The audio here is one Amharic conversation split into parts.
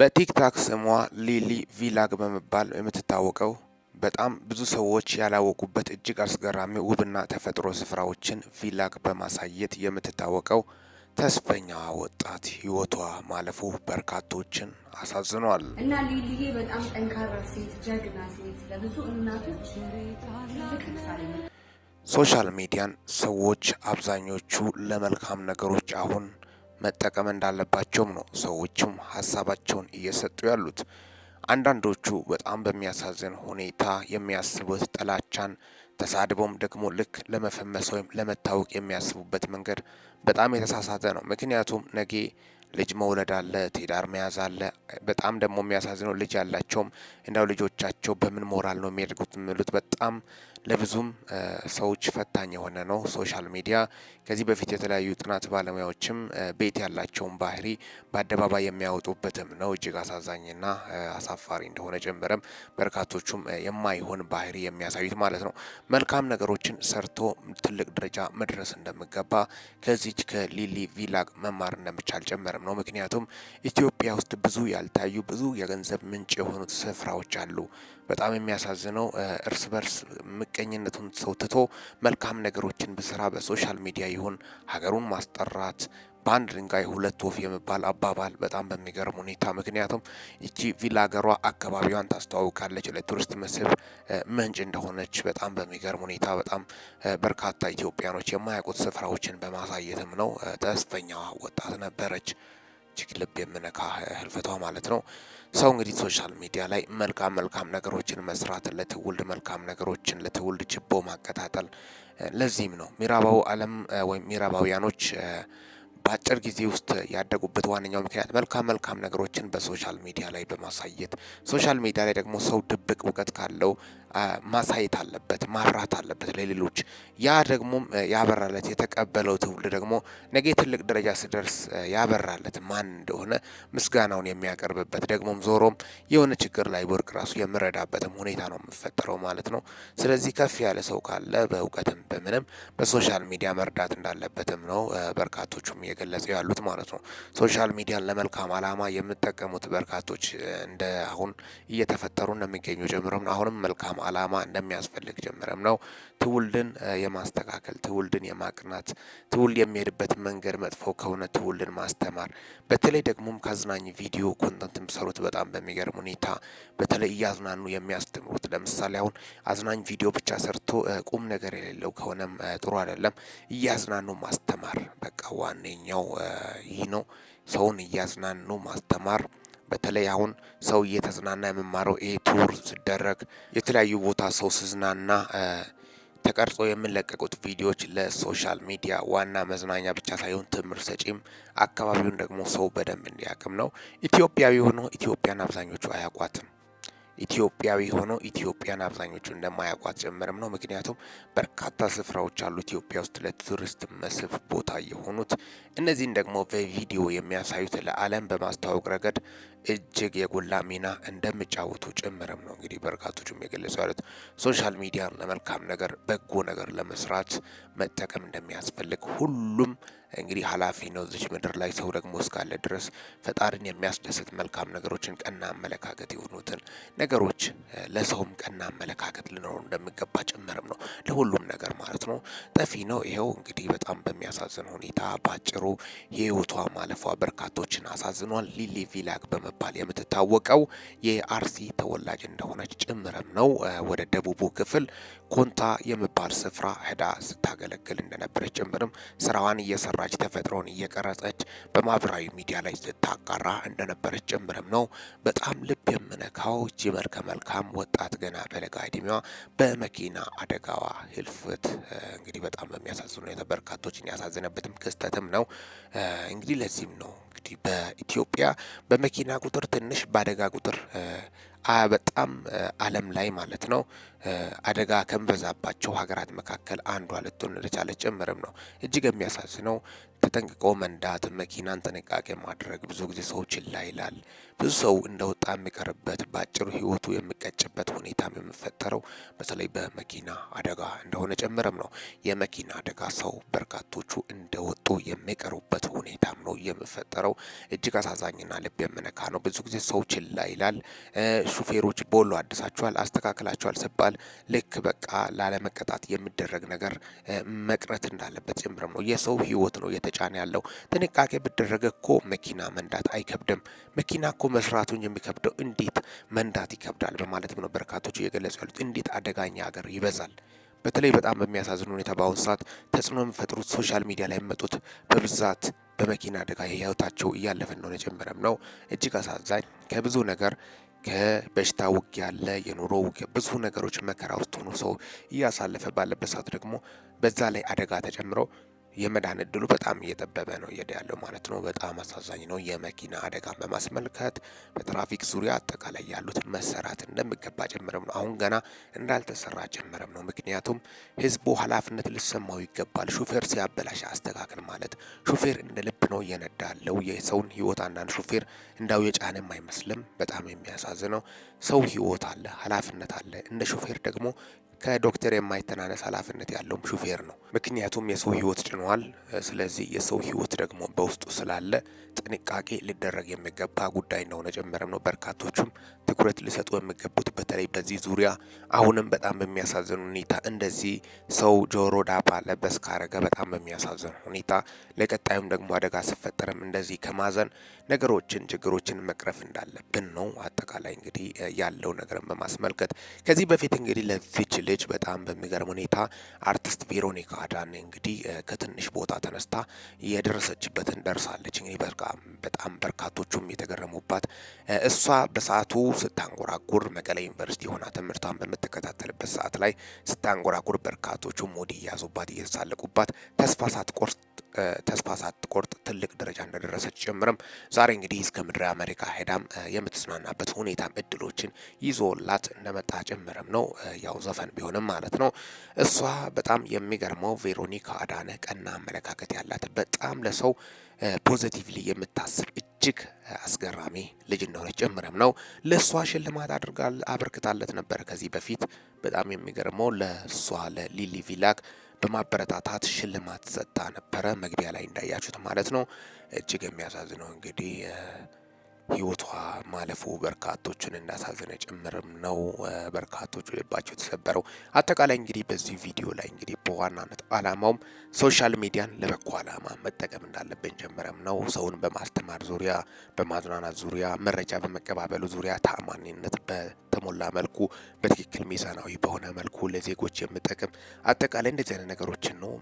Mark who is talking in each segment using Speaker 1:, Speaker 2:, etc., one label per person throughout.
Speaker 1: በቲክታክ ስሟ ሊሊ ቪላግ በመባል የምትታወቀው በጣም ብዙ ሰዎች ያላወቁበት እጅግ አስገራሚ ውብና ተፈጥሮ ስፍራዎችን ቪላግ በማሳየት የምትታወቀው ተስፈኛዋ ወጣት ህይወቷ ማለፉ በርካቶችን አሳዝኗል።
Speaker 2: እና ሊሊዬ በጣም ጠንካራ ሴት፣ ጀግና ሴት፣ ለብዙ እናቶች
Speaker 1: ሶሻል ሚዲያን ሰዎች አብዛኞቹ ለመልካም ነገሮች አሁን መጠቀም እንዳለባቸውም ነው ሰዎችም ሀሳባቸውን እየሰጡ ያሉት። አንዳንዶቹ በጣም በሚያሳዝን ሁኔታ የሚያስቡት ጥላቻን ተሳድቦም ደግሞ ልክ ለመፈመስ ወይም ለመታወቅ የሚያስቡበት መንገድ በጣም የተሳሳተ ነው። ምክንያቱም ነጌ ልጅ መውለድ አለ፣ ትዳር መያዝ አለ። በጣም ደግሞ የሚያሳዝነው ልጅ ያላቸውም እንዳው ልጆቻቸው በምን ሞራል ነው የሚያደርጉት የሚሉት በጣም ለብዙም ሰዎች ፈታኝ የሆነ ነው። ሶሻል ሚዲያ ከዚህ በፊት የተለያዩ ጥናት ባለሙያዎችም ቤት ያላቸውን ባህሪ በአደባባይ የሚያወጡበትም ነው። እጅግ አሳዛኝና አሳፋሪ እንደሆነ ጀምረም በርካቶቹም የማይሆን ባህሪ የሚያሳዩት ማለት ነው። መልካም ነገሮችን ሰርቶ ትልቅ ደረጃ መድረስ እንደሚገባ ከዚች ከሊሊ ቪላግ መማር እንደምቻል ጀመረም ነው። ምክንያቱም ኢትዮጵያ ውስጥ ብዙ ያልታዩ ብዙ የገንዘብ ምንጭ የሆኑት ስፍራዎች አሉ። በጣም የሚያሳዝነው እርስ በርስ ምቅ ምቀኝነቱን ሰው ትቶ መልካም ነገሮችን ብስራ በሶሻል ሚዲያ ይሁን ሀገሩን ማስጠራት በአንድ ድንጋይ ሁለት ወፍ የሚባል አባባል በጣም በሚገርም ሁኔታ ምክንያቱም ይቺ ቪላ ሀገሯ አካባቢዋን ታስተዋውቃለች፣ ለቱሪስት መስህብ ምንጭ እንደሆነች በጣም በሚገርም ሁኔታ በጣም በርካታ ኢትዮጵያኖች የማያውቁት ስፍራዎችን በማሳየትም ነው። ተስፈኛ ወጣት ነበረች። እጅግ ልብ የምነካ ህልፈቷ ማለት ነው። ሰው እንግዲህ ሶሻል ሚዲያ ላይ መልካም መልካም ነገሮችን መስራት፣ ለትውልድ መልካም ነገሮችን ለትውልድ ችቦ ማቀጣጠል። ለዚህም ነው ሚራባው አለም ወይም ሚራባውያኖች በአጭር ጊዜ ውስጥ ያደጉበት ዋነኛው ምክንያት መልካም መልካም ነገሮችን በሶሻል ሚዲያ ላይ በማሳየት ሶሻል ሚዲያ ላይ ደግሞ ሰው ድብቅ እውቀት ካለው ማሳየት አለበት፣ ማብራት አለበት ለሌሎች። ያ ደግሞ ያበራለት የተቀበለው ትውልድ ደግሞ ነገ ትልቅ ደረጃ ስደርስ ያበራለት ማን እንደሆነ ምስጋናውን የሚያቀርብበት ደግሞም ዞሮም የሆነ ችግር ላይ ወርቅ ራሱ የምረዳበትም ሁኔታ ነው የምፈጠረው ማለት ነው። ስለዚህ ከፍ ያለ ሰው ካለ በእውቀትም በምንም በሶሻል ሚዲያ መርዳት እንዳለበትም ነው በርካቶቹም እየገለጹ ያሉት ማለት ነው። ሶሻል ሚዲያን ለመልካም አላማ የምጠቀሙት በርካቶች እንደ አሁን እየተፈጠሩ እንደሚገኙ ጀምረም ነው። አሁንም መልካም አላማ እንደሚያስፈልግ ጀምረም ነው። ትውልድን የማስተካከል ትውልድን የማቅናት ትውልድ የሚሄድበት መንገድ መጥፎ ከሆነ ትውልድን ማስተማር፣ በተለይ ደግሞ ከአዝናኝ ቪዲዮ ኮንተንት የሚሰሩት በጣም በሚገርም ሁኔታ በተለይ እያዝናኑ የሚያስተምሩት ለምሳሌ አሁን አዝናኝ ቪዲዮ ብቻ ሰርቶ ቁም ነገር የሌለው ከሆነም ጥሩ አይደለም። እያዝናኑ ማስተማር በቃ ዋነኛ አንደኛው ይህ ነው። ሰውን እያዝናኑ ማስተማር በተለይ አሁን ሰው እየተዝናና የምማረው ይሄ ቱር ሲደረግ የተለያዩ ቦታ ሰው ስዝናና ተቀርጾ የምንለቀቁት ቪዲዮዎች ለሶሻል ሚዲያ ዋና መዝናኛ ብቻ ሳይሆን ትምህርት ሰጪም፣ አካባቢውን ደግሞ ሰው በደንብ እንዲያቅም ነው። ኢትዮጵያዊ ሆኖ ኢትዮጵያን አብዛኞቹ አያውቋትም። ኢትዮጵያዊ ሆኖ ኢትዮጵያን አብዛኞቹ እንደማያውቋት ጭምርም ነው። ምክንያቱም በርካታ ስፍራዎች አሉ ኢትዮጵያ ውስጥ ለቱሪስት መስህብ ቦታ የሆኑት እነዚህን ደግሞ በቪዲዮ የሚያሳዩት ለዓለም በማስተዋወቅ ረገድ እጅግ የጎላ ሚና እንደሚጫወቱ ጭምርም ነው። እንግዲህ በርካቶቹም የገለጹ ያሉት ሶሻል ሚዲያን ለመልካም ነገር፣ በጎ ነገር ለመስራት መጠቀም እንደሚያስፈልግ ሁሉም እንግዲህ ኃላፊ ነው እዚች ምድር ላይ ሰው ደግሞ እስካለ ድረስ ፈጣሪን የሚያስደስት መልካም ነገሮችን፣ ቀና አመለካከት የሆኑትን ነገሮች ለሰውም ቀና አመለካከት ሊኖረው እንደሚገባ ጭምርም ነው ለሁሉም ነገር ማለት ነው። ጠፊ ነው ይኸው እንግዲህ በጣም በሚያሳዝን ሁኔታ በአጭሩ የህይወቷ ማለፏ በርካቶችን አሳዝኗል። ሊሊ ቪላክ በመባል የምትታወቀው የአርሲ ተወላጅ እንደሆነች ጭምርም ነው ወደ ደቡቡ ክፍል ኮንታ የሚባል ስፍራ ሄዳ ስታገለግል እንደነበረች ጭምርም ስራዋን እየሰራ አውራጅ ተፈጥሮን እየቀረጸች በማህበራዊ ሚዲያ ላይ ስታጋራ እንደነበረች ጭምርም ነው። በጣም ልብ የምነካው እጅ መልከ መልካም ወጣት ገና በለጋ እድሜዋ በመኪና አደጋዋ ህልፍት እንግዲህ በጣም በሚያሳዝን ሁኔታ በርካቶችን ያሳዘነበትም ክስተትም ነው። እንግዲህ ለዚህም ነው እንግዲህ በኢትዮጵያ በመኪና ቁጥር ትንሽ በአደጋ ቁጥር በጣም ዓለም ላይ ማለት ነው አደጋ ከሚበዛባቸው ሀገራት መካከል አንዷ ልትሆን እንደቻለች ጭምርም ነው። እጅግ የሚያሳዝነው ተጠንቅቆ መንዳት፣ መኪናን ጥንቃቄ ማድረግ ብዙ ጊዜ ሰዎች ችላ ይላል። ብዙ ሰው እንደወጣ የሚቀርበት በአጭሩ ህይወቱ የሚቀጭበት ሁኔታም የሚፈጠረው በተለይ በመኪና አደጋ እንደሆነ ጭምርም ነው። የመኪና አደጋ ሰው በርካቶቹ እንደወጡ የሚቀሩበት ሁኔታም ነው የሚፈጠረው። እጅግ አሳዛኝና ልብ የምነካ ነው። ብዙ ጊዜ ሰው ችላ ይላል። ሹፌሮች ቦሎ አድሳችኋል፣ አስተካክላችኋል ሲባል ልክ በቃ ላለመቀጣት የሚደረግ ነገር መቅረት እንዳለበት ጭምርም ነው። የሰው ህይወት ነው ምርጫ ነው ያለው። ጥንቃቄ ብደረገ እኮ መኪና መንዳት አይከብድም። መኪና እኮ መስራቱን የሚከብደው እንዴት መንዳት ይከብዳል? በማለትም ነው በርካቶች እየገለጹ ያሉት። እንዴት አደጋኛ ሀገር ይበዛል። በተለይ በጣም በሚያሳዝን ሁኔታ በአሁኑ ሰዓት ተጽዕኖ የሚፈጥሩት ሶሻል ሚዲያ ላይ የሚመጡት በብዛት በመኪና አደጋ ህይወታቸው እያለፈ እንደሆነ ጀምረም ነው። እጅግ አሳዛኝ ከብዙ ነገር ከበሽታ ውጊያ ያለ የኑሮ ውጊያ ብዙ ነገሮች መከራ ውስጥ ሆኖ ሰው እያሳለፈ ባለበት ሰዓት ደግሞ በዛ ላይ አደጋ ተጨምረው የመዳን እድሉ በጣም እየጠበበ ነው እየሄደ ያለው ማለት ነው። በጣም አሳዛኝ ነው። የመኪና አደጋን በማስመልከት በትራፊክ ዙሪያ አጠቃላይ ያሉትን መሰራት እንደሚገባ ጭምርም ነው። አሁን ገና እንዳልተሰራ ጭምርም ነው። ምክንያቱም ህዝቡ ኃላፊነት ልሰማው ይገባል። ሹፌር ሲያበላሽ አስተካክል ማለት ሹፌር እንደ ልብ ነው እየነዳለው የሰውን ህይወት። አንዳንድ ሹፌር እንዳው የጫንም አይመስልም። በጣም የሚያሳዝነው ሰው ህይወት አለ፣ ኃላፊነት አለ። እንደ ሹፌር ደግሞ ከዶክተር የማይተናነስ ኃላፊነት ያለውም ሹፌር ነው። ምክንያቱም የሰው ህይወት ጭኗል። ስለዚህ የሰው ህይወት ደግሞ በውስጡ ስላለ ጥንቃቄ ሊደረግ የሚገባ ጉዳይ እንደሆነ ጨምረም ነው። በርካቶቹም ትኩረት ሊሰጡ የሚገቡት በተለይ በዚህ ዙሪያ አሁንም በጣም በሚያሳዝን ሁኔታ እንደዚህ ሰው ጆሮ ዳባ ለበስ ካረገ በጣም በሚያሳዝን ሁኔታ ለቀጣዩም ደግሞ አደጋ ሲፈጠርም እንደዚህ ከማዘን ነገሮችን ችግሮችን መቅረፍ እንዳለብን ነው። አጠቃላይ እንግዲህ ያለው ነገርን በማስመልከት ከዚህ በፊት እንግዲህ ለዚች ልጅ በጣም በሚገርም ሁኔታ አርቲስት ቬሮኒካ አዳን እንግዲህ ከትንሽ ቦታ ተነስታ የደረሰችበትን ደርሳለች። እንግዲህ በጣም በርካቶቹም የተገረሙባት እሷ በሰዓቱ ስታንጎራጉር መቀለ ዩኒቨርሲቲ ሆና ትምህርቷን በምትከታተልበት ሰዓት ላይ ስታንጎራጉር በርካቶቹም ሞዲ እያዙባት እየተሳለቁባት ተስፋ ሳትቆርጥ ተስፋ ሳትቆርጥ ትልቅ ደረጃ እንደደረሰች ጭምርም ዛሬ እንግዲህ እስከ ምድረ አሜሪካ ሄዳም የምትዝናናበት ሁኔታም እድሎችን ይዞላት እንደመጣ ጭምርም ነው ያው ዘፈን ቢሆንም ማለት ነው። እሷ በጣም የሚገርመው ቬሮኒካ አዳነ ቀና አመለካከት ያላት በጣም ለሰው ፖዘቲቭሊ የምታስብ እጅግ አስገራሚ ልጅ እንደሆነ ጭምርም ነው። ለእሷ ሽልማት አድርጋል አበርክታለት ነበረ ከዚህ በፊት በጣም የሚገርመው ለእሷ ለሊሊ ቪላክ በማበረታታት ሽልማት ሰጥታ ነበረ። መግቢያ ላይ እንዳያችሁት ማለት ነው። እጅግ የሚያሳዝነው እንግዲህ ህይወቷ ማለፉ በርካቶችን እንዳሳዘነ ጭምርም ነው። በርካቶች ልባቸው የተሰበረው አጠቃላይ እንግዲህ በዚህ ቪዲዮ ላይ እንግዲህ በዋናነት አላማውም ሶሻል ሚዲያን ለበጎ አላማ መጠቀም እንዳለብን ጀምረም ነው። ሰውን በማስተማር ዙሪያ፣ በማዝናናት ዙሪያ፣ መረጃ በመቀባበሉ ዙሪያ ታማኒነት በተሞላ መልኩ በትክክል ሚዛናዊ በሆነ መልኩ ለዜጎች የምጠቅም አጠቃላይ እንደዚህ አይነት ነገሮችን ነው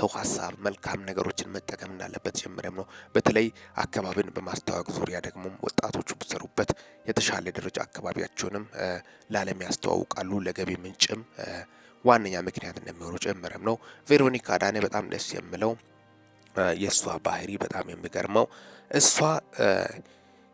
Speaker 1: ሰው ሀሳብ መልካም ነገሮችን መጠቀም እንዳለበት ጀምረም ነው። በተለይ አካባቢን በማስተዋወቅ ዙሪያ ደግሞ ወጣቶቹ ብሰሩበት የተሻለ ደረጃ አካባቢያቸውንም ለዓለም ያስተዋውቃሉ። ለገቢ ምንጭም ዋነኛ ምክንያት እንደሚሆኑ ጭምርም ነው። ቬሮኒካ አዳነ በጣም ደስ የምለው የእሷ ባህሪ በጣም የሚገርመው እሷ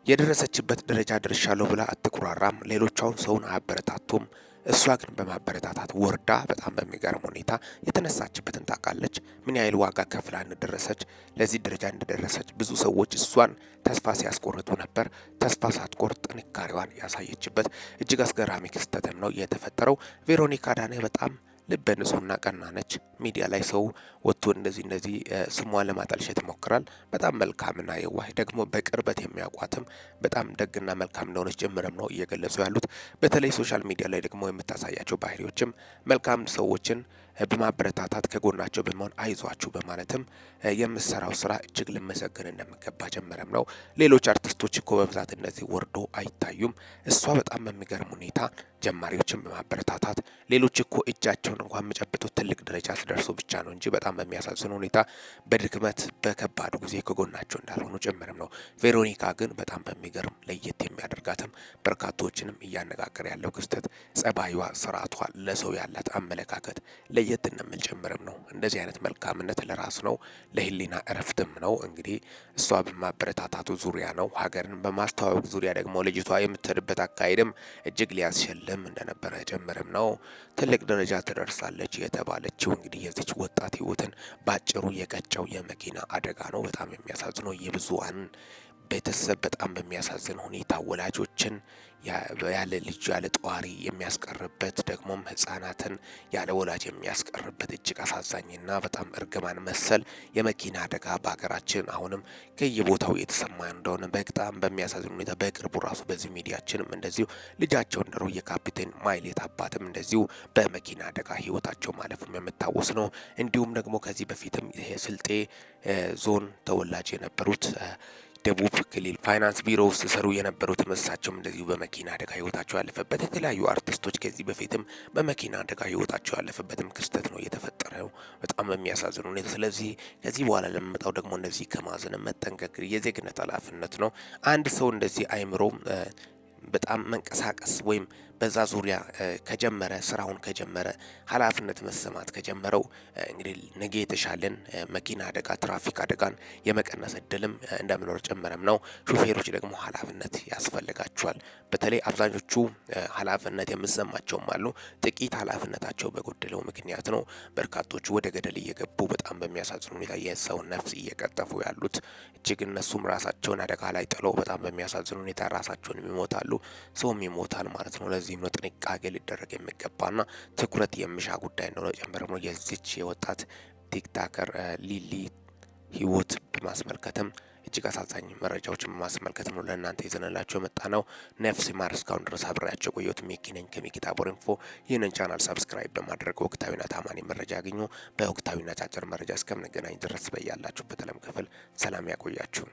Speaker 1: የደረሰችበት ደረጃ ድርሻለሁ ብላ አትኩራራም። ሌሎቿውን ሰውን አያበረታቱም። እሷ ግን በማበረታታት ወርዳ በጣም በሚገርም ሁኔታ የተነሳችበትን ታውቃለች። ምን ያህል ዋጋ ከፍላ እንደደረሰች ለዚህ ደረጃ እንደደረሰች ብዙ ሰዎች እሷን ተስፋ ሲያስቆርጡ ነበር። ተስፋ ሳትቆርጥ ጥንካሬዋን ያሳየችበት እጅግ አስገራሚ ክስተትም ነው የተፈጠረው። ቬሮኒካ ዳነ በጣም ልበ ንጹህና ቀና ነች። ሚዲያ ላይ ሰው ወጥቶ እንደዚህ እንደዚህ ስሟን ለማጠልሸት ይሞክራል። በጣም መልካምና የዋህ ደግሞ በቅርበት የሚያውቋትም በጣም ደግና መልካም እንደሆነች ጭምርም ነው እየገለጹ ያሉት። በተለይ ሶሻል ሚዲያ ላይ ደግሞ የምታሳያቸው ባህሪዎችም መልካም ሰዎችን በማበረታታት ከጎናቸው በመሆን አይዟችሁ በማለትም የምሰራው ስራ እጅግ ልመሰገን እንደሚገባ ጀመረም ነው። ሌሎች አርቲስቶች እኮ በብዛት እንደዚህ ወርዶ አይታዩም። እሷ በጣም በሚገርም ሁኔታ ጀማሪዎችን በማበረታታት ሌሎች እኮ እጃቸውን እንኳን የሚጨብጡት ትልቅ ደረጃ ስደርሱ ብቻ ነው እንጂ በጣም በሚያሳዝን ሁኔታ በድክመት በከባዱ ጊዜ ከጎናቸው እንዳልሆኑ ጭምርም ነው። ቬሮኒካ ግን በጣም በሚገርም ለየት የሚያደርጋትም በርካቶችንም እያነጋገር ያለው ክስተት ጸባዩዋ፣ ስርዓቷ፣ ለሰው ያላት አመለካከት ለየት እንምል ጭምርም ነው። እንደዚህ አይነት መልካምነት ለራስ ነው፣ ለህሊና እረፍትም ነው። እንግዲህ እሷ በማበረታታቱ ዙሪያ ነው፣ ሀገርን በማስተዋወቅ ዙሪያ ደግሞ ልጅቷ የምትሄድበት አካሄድም እጅግ ሊያስሸልም እንደነበረ ጭምርም ነው። ትልቅ ደረጃ ትደርሳለች የተባለችው እንግዲህ የዚች ወጣት ህይወትን ባጭሩ የቀጨው የመኪና አደጋ ነው። በጣም የሚያሳዝነው የብዙዋን ቤተሰብ በጣም በሚያሳዝን ሁኔታ ወላጆችን ያለ ልጅ ያለ ጠዋሪ የሚያስቀርበት ደግሞም ህጻናትን ያለ ወላጅ የሚያስቀርበት እጅግ አሳዛኝና በጣም እርግማን መሰል የመኪና አደጋ በሀገራችን አሁንም ከየቦታው የተሰማ እንደሆነ በጣም በሚያሳዝን ሁኔታ በቅርቡ ራሱ በዚህ ሚዲያችንም እንደዚሁ ልጃቸው እንደሮ የካፒቴን ማይሌት አባትም እንደዚሁ በመኪና አደጋ ህይወታቸው ማለፉም የምታወስ ነው። እንዲሁም ደግሞ ከዚህ በፊትም ስልጤ ዞን ተወላጅ የነበሩት ደቡብ ክልል ፋይናንስ ቢሮ ውስጥ ሰሩ የነበሩት እሳቸውም እንደዚሁ በመኪና አደጋ ህይወታቸው ያለፈበት የተለያዩ አርቲስቶች ከዚህ በፊትም በመኪና አደጋ ህይወታቸው ያለፈበትም ክስተት ነው የተፈጠረው፣ በጣም በሚያሳዝን ሁኔታ። ስለዚህ ከዚህ በኋላ ለመመጣው ደግሞ እንደዚህ ከማዘን መጠንቀቅ የዜግነት ኃላፊነት ነው። አንድ ሰው እንደዚህ አይምሮ በጣም መንቀሳቀስ ወይም በዛ ዙሪያ ከጀመረ ስራውን ከጀመረ ኃላፊነት መሰማት ከጀመረው እንግዲህ ነገ የተሻለን መኪና አደጋ ትራፊክ አደጋን የመቀነስ እድልም እንደምኖር ጨመረም ነው። ሹፌሮች ደግሞ ኃላፊነት ያስፈልጋቸዋል። በተለይ አብዛኞቹ ኃላፊነት የምሰማቸውም አሉ። ጥቂት ኃላፊነታቸው በጎደለው ምክንያት ነው በርካቶቹ ወደ ገደል እየገቡ በጣም በሚያሳዝን ሁኔታ የሰውን ነፍስ እየቀጠፉ ያሉት። እጅግ እነሱም ራሳቸውን አደጋ ላይ ጥለው በጣም በሚያሳዝን ሁኔታ ራሳቸውን ይሞታሉ፣ ሰውም ይሞታል ማለት ነው። ለዚህም ነው ጥንቃቄ ሊደረግ የሚገባና ትኩረት የሚሻ ጉዳይ እንደሆነ ጨምረም ነው የዚች የወጣት ቲክታከር ሊሊ ህይወት በማስመልከትም እጅግ አሳዛኝ መረጃዎችን በማስመልከት ነው ለእናንተ ይዘንላቸው የመጣ ነው። ነፍስ ማር እስካሁን ድረስ አብሬያቸው ቆየሁት። ሚኪ ነኝ ከሚኪታ ቦር ኢንፎ። ይህንን ቻናል ሰብስክራይብ በማድረግ ወቅታዊና ታማኒ መረጃ ያገኙ። በወቅታዊና ጫጭር መረጃ እስከምንገናኝ ድረስ በያላችሁበት ዓለም ክፍል ሰላም ያቆያችሁ።